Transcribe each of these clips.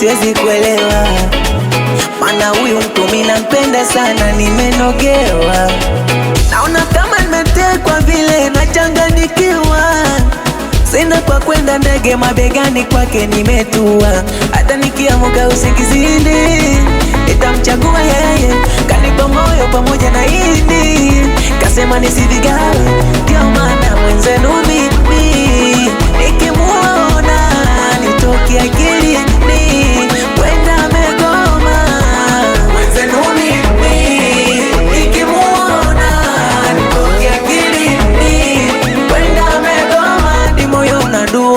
siwezi kuelewa, mana huyu mtu mimi sana, nimenogewa. Naona kama nimetekwa vile, nachanganyikiwa, sina kwa kwenda ndege, mabegani kwake nimetua. Hata nikiamuka usingizini, nitamchagua yeye, kanipa moyo pamoja na ini, kasema nisivigawe, ndio maana mwenzenu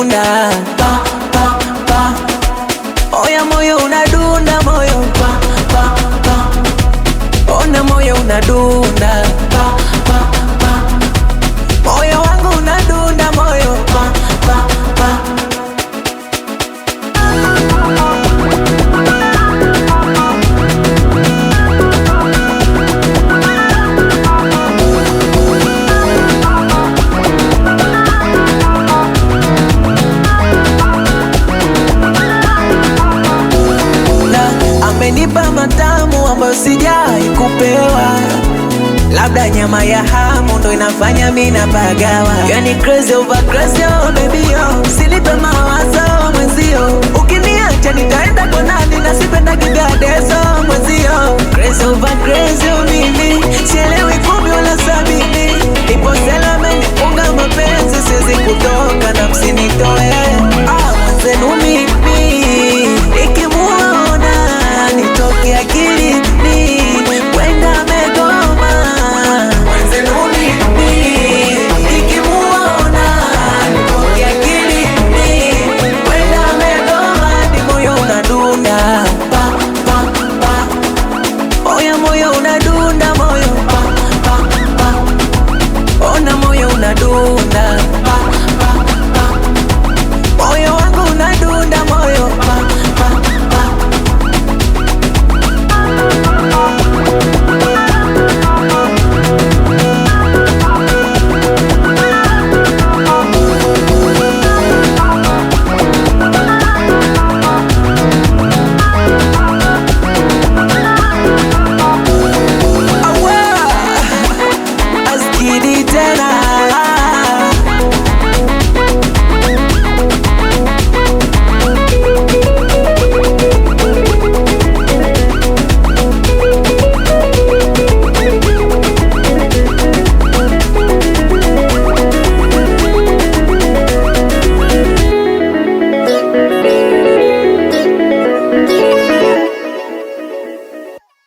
unaduna pa, pa, pa. Oya moyo unaduna moyo pa, pa, pa. Ona moyo unaduna ambayo sijai kupewa, labda nyama ya hamu ndo inafanya mimi napagawa, yani crazy over crazy, oh baby yo, oh. silipe mawazo oh mwenzio, ukiniacha nitaenda kwa nani? Nasipenda kidadeso oh mwenzio, crazy over crazy, oh mimi sielewi kumi wala sabini, ipo selama nifunga mapenzi, siwezi kutoka na msinitoe una